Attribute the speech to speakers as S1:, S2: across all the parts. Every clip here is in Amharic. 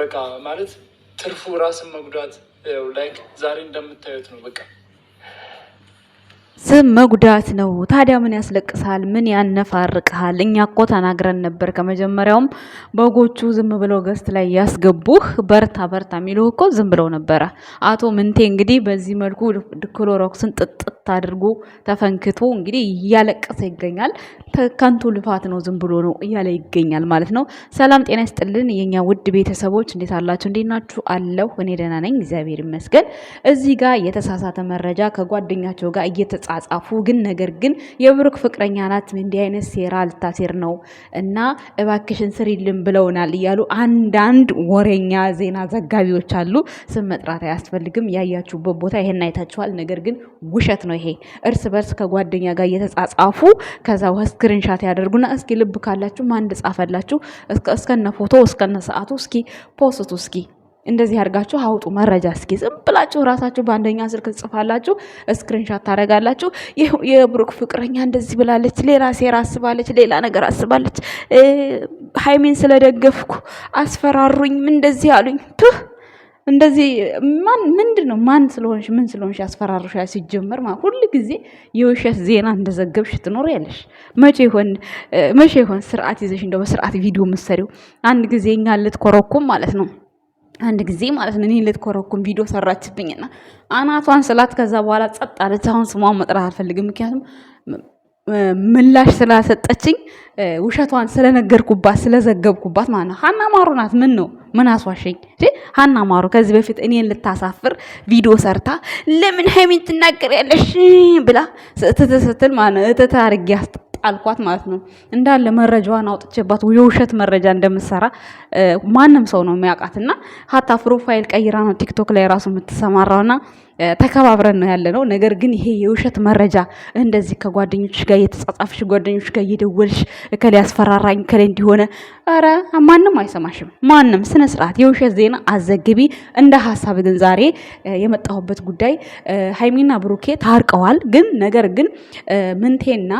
S1: በቃ ማለት ትርፉ ራስን መጉዳት ላይክ ዛሬ እንደምታዩት ነው በቃ
S2: ስም መጉዳት ነው። ታዲያ ምን ያስለቅሳል? ምን ያነፋርቅሃል? እኛ እኮ ተናግረን ነበር ከመጀመሪያውም። በጎቹ ዝም ብለው ገስት ላይ ያስገቡህ በርታ በርታ የሚለው እኮ ዝም ብለው ነበረ። አቶ ምንቴ እንግዲህ በዚህ መልኩ ክሎሮክስን ጥጥ አድርጎ ተፈንክቶ እንግዲህ እያለቀሰ ይገኛል። ከንቱ ልፋት ነው ዝም ብሎ ነው እያለ ይገኛል ማለት ነው። ሰላም ጤና ይስጥልን የኛ ውድ ቤተሰቦች እንዴት አላችሁ? እንዴት ናችሁ? አለሁ እኔ ደህና ነኝ እግዚአብሔር ይመስገን። እዚህ ጋር የተሳሳተ መረጃ ከጓደኛቸው ጋር እየተጻጻፉ ግን ነገር ግን የብሩክ ፍቅረኛ ናት እንዲህ አይነት ሴራ ልታሴር ነው እና እባክሽን ስሪልን ብለውናል እያሉ አንዳንድ ወሬኛ ዜና ዘጋቢዎች አሉ። ስም መጥራት አያስፈልግም። ያያችሁበት ቦታ ይሄን አይታችኋል። ነገር ግን ውሸት ነው ነው ይሄ እርስ በርስ ከጓደኛ ጋር እየተጻጻፉ ከዛ ስክሪንሻት ያደርጉና እስኪ ልብ ካላችሁ ማን እንደጻፈላችሁ እስከነ ፎቶ እስከነ ሰዓቱ እስኪ ፖስቱ እስኪ እንደዚህ አድርጋችሁ አውጡ መረጃ። እስኪ ዝም ብላችሁ ራሳችሁ በአንደኛ ስልክ ትጽፋላችሁ፣ ስክሪንሻት ታደርጋላችሁ። የብሩክ ፍቅረኛ እንደዚህ ብላለች፣ ሌላ ሴራ አስባለች፣ ሌላ ነገር አስባለች፣ ሀይሜን ስለደገፍኩ አስፈራሩኝ፣ እንደዚህ አሉኝ። እንደዚህ ማን ምንድን ነው ማን ስለሆንሽ ምን ስለሆንሽ ያስፈራሩሽ? ሲጀመር ሁል ጊዜ የውሸት ዜና እንደዘገብሽ ትኖር ያለሽ መቼ ይሆን መቼ ይሆን ስርዓት ይዘሽ እንደው በስርዓት ቪዲዮ ምሰሪው? አንድ ጊዜ እኛን ልትኮረኩም ማለት ነው አንድ ጊዜ ማለት ነው እኔ ልትኮረኩም ቪዲዮ ሰራችብኝና አናቷን ስላት፣ ከዛ በኋላ ጸጥ አለች። አሁን ስሟን መጥራት አልፈልግም፣ ምክንያቱም ምላሽ ስላሰጠችኝ ውሸቷን ስለነገርኩባት ስለዘገብኩባት ማለት ነው። ሀና ማሩናት ናት። ምን ነው ምን አስዋሸኝ? ሀና ማሩ ከዚህ በፊት እኔን ልታሳፍር ቪዲዮ ሰርታ ለምን ሀይሚን ያለሽ ብላ ስትል እትት አርጊ አልኳት ማለት ነው። እንዳለ መረጃዋን አውጥቼባት የውሸት መረጃ እንደምትሰራ ማንም ሰው ነው የሚያውቃትና ሀታ ፕሮፋይል ቀይራ ነው ቲክቶክ ላይ ራሱ የምትሰማራውና ተከባብረን ነው ያለ ነው። ነገር ግን ይሄ የውሸት መረጃ እንደዚህ ከጓደኞች ጋር የተጻጻፍሽ ጓደኞች ጋር እየደወልሽ እከሌ ያስፈራራኝ እከሌ እንዲሆነ፣ ኧረ ማንም አይሰማሽም። ማንም ስነ ስርዓት የውሸት ዜና አዘግቢ። እንደ ሀሳብ ግን ዛሬ የመጣሁበት ጉዳይ ሀይሚና ብሩኬ ታርቀዋል። ግን ነገር ግን ምንቴና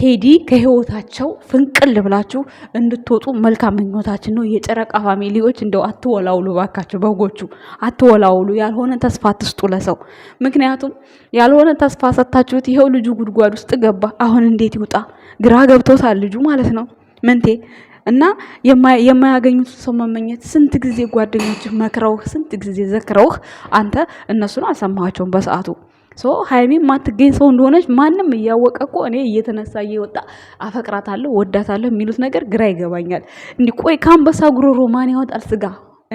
S2: ቴዲ ከህይወታቸው ፍንቅል ብላችሁ እንድትወጡ መልካም ምኞታችን ነው። የጨረቃ ፋሚሊዎች እንደው አትወላውሉ ባካችሁ፣ በጎቹ አትወላውሉ። ያልሆነ ተስፋ አትስጡ። ለሰው። ምክንያቱም ያልሆነ ተስፋ ሰታችሁት ይኸው ልጁ ጉድጓድ ውስጥ ገባ። አሁን እንዴት ይውጣ? ግራ ገብቶታል ልጁ ማለት ነው ምንቴ እና የማያገኙት ሰው መመኘት ስንት ጊዜ ጓደኞችህ መክረውህ ስንት ጊዜ ዘክረውህ አንተ እነሱን አልሰማቸውም በሰዓቱ ሶ ሀይሚ ማትገኝ ሰው እንደሆነች ማንም እያወቀ እኮ እኔ እየተነሳ እየወጣ አፈቅራታለሁ ወዳታለሁ የሚሉት ነገር ግራ ይገባኛል። እንዲህ ቆይ ከአንበሳ ጉሮሮ ማን ያወጣል ስጋ?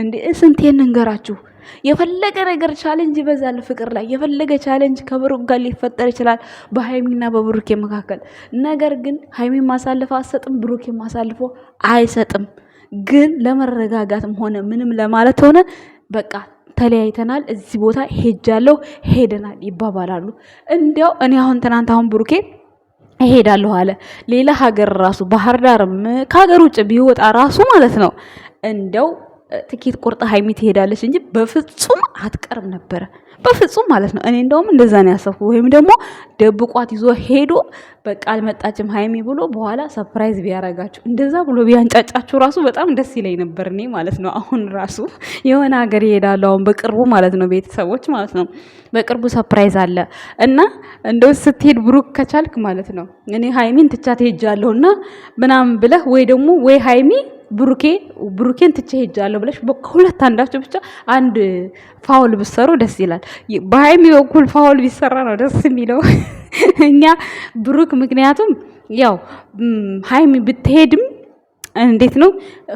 S2: እንዴ ስንቴን እንገራችሁ? የፈለገ ነገር ቻሌንጅ ይበዛል ፍቅር ላይ የፈለገ ቻሌንጅ ከብሩክ ጋር ሊፈጠር ይችላል በሃይሚና በብሩኬ መካከል። ነገር ግን ሃይሚ ማሳልፎ አሰጥም ብሩኬ ማሳልፎ አይሰጥም። ግን ለመረጋጋትም ሆነ ምንም ለማለት ሆነ በቃ ተለያይተናል፣ እዚህ ቦታ ሄጃለሁ፣ ሄደናል ይባባላሉ። እንዲያው እኔ አሁን ትናንት አሁን ብሩኬ እሄዳለሁ አለ ሌላ ሀገር ራሱ ባህር ዳርም ከሀገር ውጭ ቢወጣ ራሱ ማለት ነው እንደው ትኬት ቁርጥ ሀይሚ ትሄዳለች እንጂ በፍጹም አትቀርም ነበረ። በፍጹም ማለት ነው። እኔ እንደውም እንደዛ ነው ያሰብኩ። ወይም ደግሞ ደብቋት ይዞ ሄዶ በቃ አልመጣችም ሀይሚ ብሎ በኋላ ሰፕራይዝ ቢያረጋችሁ እንደዛ ብሎ ቢያንጫጫችሁ ራሱ በጣም ደስ ይለኝ ነበር እኔ ማለት ነው። አሁን ራሱ የሆነ ሀገር ይሄዳሉ። አሁን በቅርቡ ማለት ነው፣ ቤተሰቦች ማለት ነው። በቅርቡ ሰፕራይዝ አለ እና እንደው ስትሄድ ብሩክ ከቻልክ ማለት ነው እኔ ሀይሚን ትቻት እና ምናምን ብለህ ወይ ደግሞ ወይ ሀይሚ ብሩኬ ብሩኬን ትቼ ሄጃለሁ ብለሽ ከሁለት አንዳች ብቻ አንድ ፋውል ብሰሩ ደስ ይላል። በሀይሚ በኩል ፋውል ቢሰራ ነው ደስ የሚለው እኛ ብሩክ ምክንያቱም ያው ሀይሚ ብትሄድም እንዴት ነው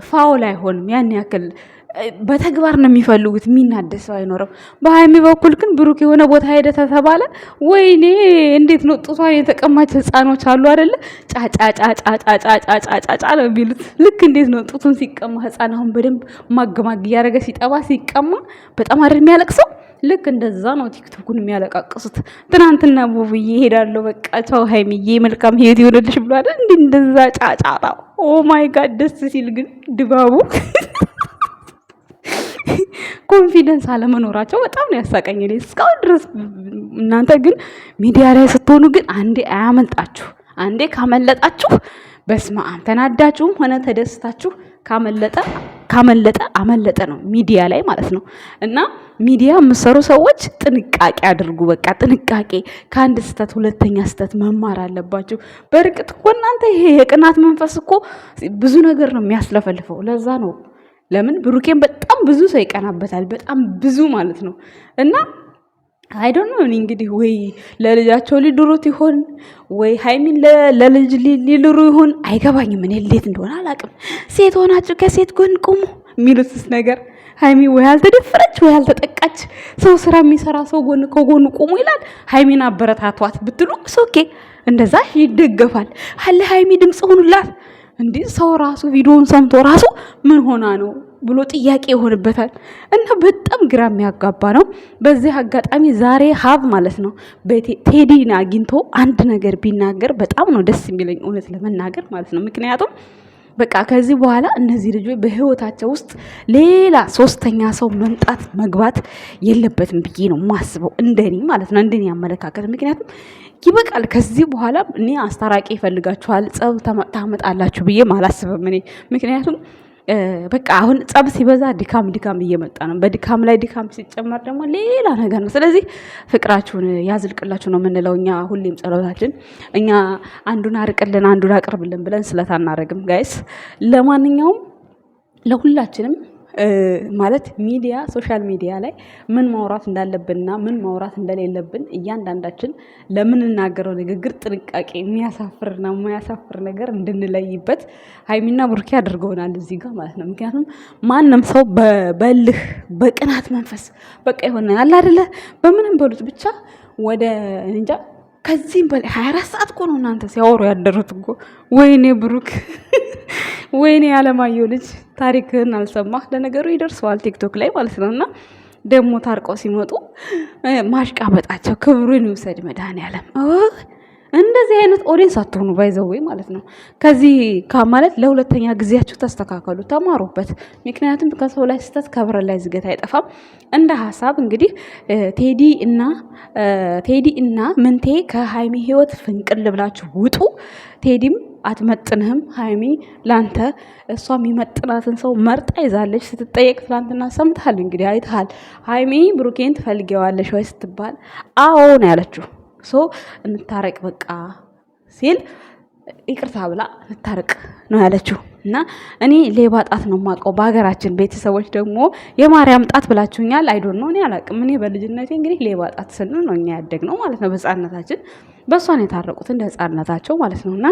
S2: ፋውል አይሆንም ያን ያክል በተግባር ነው የሚፈልጉት። የሚናደስ ሰው አይኖረው በሀይሚ በኩል ግን ብሩክ የሆነ ቦታ ሄደ ተተባለ፣ ወይኔ እንዴት ነው ጡቷን የተቀማች ህፃኖች አሉ አደለ? ጫጫጫጫጫጫጫጫጫ ነው የሚሉት። ልክ እንዴት ነው ጡቱን ሲቀማ ህፃን አሁን በደንብ ማገማግ እያደረገ ሲጠባ ሲቀማ በጣም የሚያለቅ የሚያለቅሰው ልክ እንደዛ ነው ቲክቶኩን የሚያለቃቅሱት። ትናንትና ቦብዬ ሄዳለሁ በቃ ቻው ሀይሚዬ መልካም ህይወት ይሆንልሽ ብሎ እንዲ እንደዛ ጫጫጣ ኦ ማይ ጋድ! ደስ ሲል ግን ድባቡ ኮንፊደንስ አለመኖራቸው በጣም ነው ያሳቀኝ እስካሁን ድረስ። እናንተ ግን ሚዲያ ላይ ስትሆኑ ግን አንዴ አያመልጣችሁ። አንዴ ካመለጣችሁ በስመ አብ ተናዳችሁም ሆነ ተደስታችሁ ካመለጠ ካመለጠ አመለጠ ነው ሚዲያ ላይ ማለት ነው። እና ሚዲያ የምሰሩ ሰዎች ጥንቃቄ አድርጉ። በቃ ጥንቃቄ፣ ከአንድ ስህተት ሁለተኛ ስህተት መማር አለባችሁ። በርቅጥ እኮ እናንተ ይሄ የቅናት መንፈስ እኮ ብዙ ነገር ነው የሚያስለፈልፈው። ለዛ ነው ለምን ብሩኬን በጣም ብዙ ሰው ይቀናበታል። በጣም ብዙ ማለት ነው እና አይ ዶንት ኖ እንግዲህ ወይ ለልጃቸው ሊድሩት ይሆን ወይ ሃይሚን ለልጅ ሊድሩ ይሆን አይገባኝም። እኔ እንዴት እንደሆነ አላቅም ሴት ሆናችሁ ከሴት ጎን ቁሙ የሚሉትስ ነገር ሃይሚ ወይ አልተደፈረች ወይ አልተጠቃች ሰው ስራ የሚሰራ ሰው ጎን ከጎኑ ቁሙ ይላል። ሃይሚን አበረታቷት ብትሉ ሶኬ እንደዛ ይደገፋል። አለ ሃይሚ ድምፅ ሆኑላት። እንዴ ሰው ራሱ ቪዲዮውን ሰምቶ ራሱ ምን ሆና ነው ብሎ ጥያቄ ይሆንበታል። እና በጣም ግራ የሚያጋባ ነው። በዚህ አጋጣሚ ዛሬ ሀብ ማለት ነው ቴዲን አግኝቶ አንድ ነገር ቢናገር በጣም ነው ደስ የሚለኝ እውነት ለመናገር ማለት ነው። ምክንያቱም በቃ ከዚህ በኋላ እነዚህ ልጆች በህይወታቸው ውስጥ ሌላ ሶስተኛ ሰው መምጣት መግባት የለበትም ብዬ ነው ማስበው፣ እንደኔ ማለት ነው፣ እንደኔ አመለካከት ምክንያቱም ይበቃል። ከዚህ በኋላ እኔ አስታራቂ ይፈልጋችኋል፣ ጸብ ታመጣላችሁ ብዬ አላስብም እኔ ምክንያቱም በቃ አሁን ጸብ ሲበዛ ድካም ድካም እየመጣ ነው። በድካም ላይ ድካም ሲጨመር ደግሞ ሌላ ነገር ነው። ስለዚህ ፍቅራችሁን ያዝልቅላችሁ ነው የምንለው እኛ ሁሌም ጸሎታችን። እኛ አንዱን አርቅልን አንዱን አቅርብልን ብለን ስለት አናደርግም ጋይስ። ለማንኛውም ለሁላችንም ማለት ሚዲያ ሶሻል ሚዲያ ላይ ምን ማውራት እንዳለብንና ምን ማውራት እንደሌለብን እያንዳንዳችን ለምንናገረው ንግግር ጥንቃቄ የሚያሳፍርና የሚያሳፍር ነገር እንድንለይበት ሀይሚና ብሩኬ አድርገውናል እዚህ ጋር ማለት ነው። ምክንያቱም ማንም ሰው በልህ በቅናት መንፈስ በቃ የሆነ አለ በምንም በሉት ብቻ ወደ እንጃ ከዚህም በላይ ሀያ አራት ሰዓት እኮ ነው እናንተ ሲያወሩ ያደሩት እኮ ወይኔ ብሩክ ወይኔ ያለማየሁ ልጅ ታሪክህን አልሰማህ። ለነገሩ ይደርሰዋል ቲክቶክ ላይ ማለት ነው። እና ደግሞ ታርቀው ሲመጡ ማሽቃበጣቸው ክብሩን ይውሰድ መድኃኒዓለም። እንደዚህ አይነት ኦዲንስ አትሆኑ፣ ባይዘወይ ማለት ነው። ከዚህ ማለት ለሁለተኛ ጊዜያችሁ ተስተካከሉ፣ ተማሩበት። ምክንያቱም ከሰው ላይ ስህተት ከብረ ላይ ዝገት አይጠፋም። እንደ ሀሳብ እንግዲህ ቴዲ እና ቴዲ እና ምንቴ ከሀይሚ ህይወት ፍንቅል ብላችሁ ውጡ። ቴዲም አትመጥንህም ሀይሚ ላንተ እሷ የሚመጥናትን ሰው መርጣ ይዛለች። ስትጠየቅ ትላንትና ሰምተሃል፣ እንግዲህ አይተሃል። ሀይሚ ብሩኬን ትፈልጊዋለሽ ወይ ስትባል አዎ ነው ያለችው። ሶ እንታረቅ በቃ ሲል ይቅርታ ብላ እንታረቅ ነው ያለችው። እና እኔ ሌባ ጣት ነው የማውቀው በሀገራችን። ቤተሰቦች ደግሞ የማርያም ጣት ብላችሁኛል። አይዶን ነው እኔ አላቅም እኔ በልጅነቴ እንግዲህ ሌባ ጣት ስንል ነው እኛ ያደግነው ማለት ነው በህፃንነታችን በሷን የታረቁት እንደ ህፃንነታቸው ማለት ነው። እና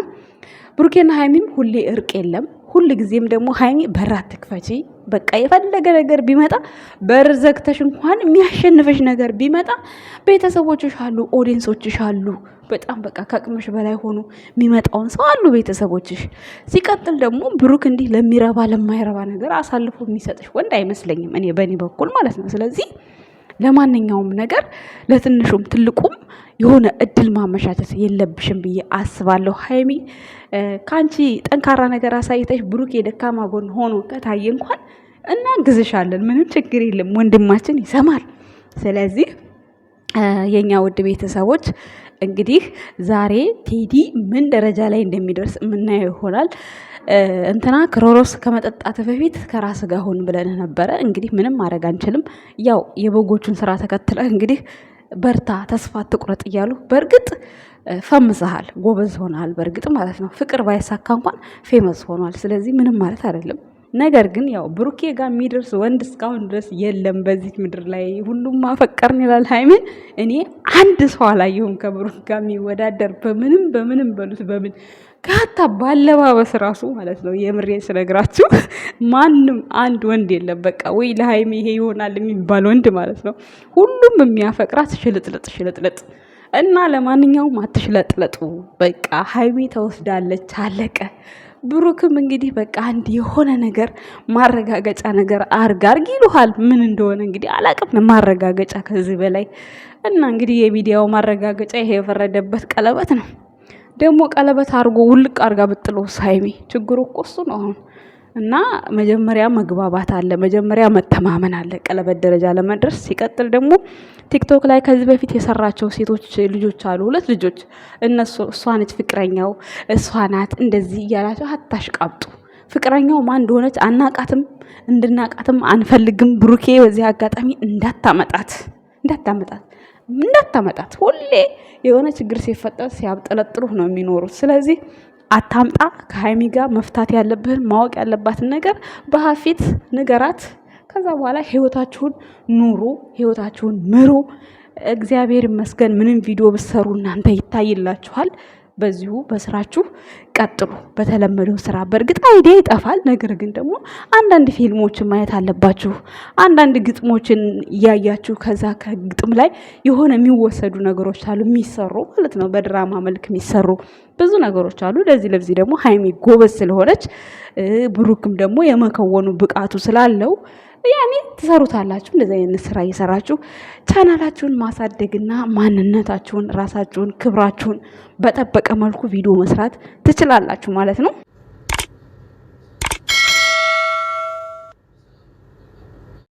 S2: ብሩኬና ሀይሚም ሁሌ እርቅ የለም። ሁል ጊዜም ደግሞ ሀይሚ በር አትክፈቺ፣ በቃ የፈለገ ነገር ቢመጣ በር ዘግተሽ እንኳን የሚያሸንፈሽ ነገር ቢመጣ ቤተሰቦችሽ አሉ፣ ኦዲንሶች አሉ። በጣም በቃ ከቅምሽ በላይ ሆኑ የሚመጣውን ሰው አሉ ቤተሰቦችሽ። ሲቀጥል ደግሞ ብሩክ እንዲህ ለሚረባ ለማይረባ ነገር አሳልፎ የሚሰጥሽ ወንድ አይመስለኝም እኔ በእኔ በኩል ማለት ነው። ስለዚህ ለማንኛውም ነገር ለትንሹም ትልቁም የሆነ እድል ማመቻቸት የለብሽም ብዬ አስባለሁ። ሀይሚ ከአንቺ ጠንካራ ነገር አሳይተሽ ብሩክ የደካማ ጎን ሆኖ ከታየ እንኳን እናግዝሻለን። ምንም ችግር የለም፣ ወንድማችን ይሰማል። ስለዚህ የኛ ውድ ቤተሰቦች እንግዲህ ዛሬ ቴዲ ምን ደረጃ ላይ እንደሚደርስ የምናየው ይሆናል። እንትና ክሮሮስ ከመጠጣት በፊት ከራስ ጋር ሁን ብለን ነበረ። እንግዲህ ምንም ማድረግ አንችልም። ያው የበጎቹን ስራ ተከትለ እንግዲህ በርታ፣ ተስፋ ትቁረጥ እያሉ በእርግጥ ፈምሰሃል፣ ጎበዝ ሆናል። በእርግጥ ማለት ነው ፍቅር ባይሳካ እንኳን ፌመስ ሆኗል። ስለዚህ ምንም ማለት አይደለም። ነገር ግን ያው ብሩኬ ጋር የሚደርስ ወንድ እስካሁን ድረስ የለም በዚህ ምድር ላይ። ሁሉም ማፈቀርን ይላል ሃይሜን። እኔ አንድ ሰው አላየሁም ከብሩክ ጋር የሚወዳደር በምንም በምንም በሉት በምን ከሀታ ባለባበስ ራሱ ማለት ነው። የምሬን ስነግራችሁ ማንም አንድ ወንድ የለም። በቃ ወይ ለሀይሚ ይሄ ይሆናል የሚባል ወንድ ማለት ነው። ሁሉም የሚያፈቅራት ሽልጥልጥ ሽልጥልጥ እና ለማንኛውም አትሽለጥለጡ። በቃ ሀይሚ ተወስዳለች፣ አለቀ። ብሩክም እንግዲህ በቃ አንድ የሆነ ነገር ማረጋገጫ ነገር አርግ አርግ ይሉሃል። ምን እንደሆነ እንግዲህ አላቅም፣ ማረጋገጫ ከዚህ በላይ እና እንግዲህ የሚዲያው ማረጋገጫ ይሄ የፈረደበት ቀለበት ነው። ደግሞ ቀለበት አድርጎ ውልቅ አድርጋ ብጥሎስ ሳይሚ ችግሩ እኮ እሱ ነው አሁን እና መጀመሪያ መግባባት አለ፣ መጀመሪያ መተማመን አለ ቀለበት ደረጃ ለመድረስ። ሲቀጥል ደግሞ ቲክቶክ ላይ ከዚህ በፊት የሰራቸው ሴቶች ልጆች አሉ፣ ሁለት ልጆች። እነሱ እሷ ነች ፍቅረኛው፣ እሷ ናት እንደዚህ እያላቸው አታሽቃብጡ። ፍቅረኛው ማን እንደሆነች አናቃትም፣ እንድናቃትም አንፈልግም። ብሩኬ በዚህ አጋጣሚ እንዳታመጣት እንዳታመጣት እንዳታመጣት። ሁሌ የሆነ ችግር ሲፈጠር ሲያብጠለጥሩ ነው የሚኖሩት። ስለዚህ አታምጣ። ከሀይሚ ጋር መፍታት ያለብህን ማወቅ ያለባትን ነገር በሀፊት ንገራት። ከዛ በኋላ ህይወታችሁን ኑሩ፣ ህይወታችሁን ምሩ። እግዚአብሔር ይመስገን ምንም ቪዲዮ ብሰሩ እናንተ ይታይላችኋል። በዚሁ በስራችሁ ቀጥሉ፣ በተለመደው ስራ። በእርግጥ አይዲያ ይጠፋል፣ ነገር ግን ደግሞ አንዳንድ ፊልሞችን ማየት አለባችሁ። አንዳንድ ግጥሞችን እያያችሁ ከዛ ከግጥም ላይ የሆነ የሚወሰዱ ነገሮች አሉ፣ የሚሰሩ ማለት ነው። በድራማ መልክ የሚሰሩ ብዙ ነገሮች አሉ። ለዚህ ለዚህ ደግሞ ሀይሚ ጎበዝ ስለሆነች ብሩክም ደግሞ የመከወኑ ብቃቱ ስላለው ያኔ ትሰሩታላችሁ። እንደዚህ አይነት ስራ እየሰራችሁ ቻናላችሁን ማሳደግና ማንነታችሁን ራሳችሁን ክብራችሁን በጠበቀ መልኩ ቪዲዮ መስራት ትችላላችሁ ማለት ነው።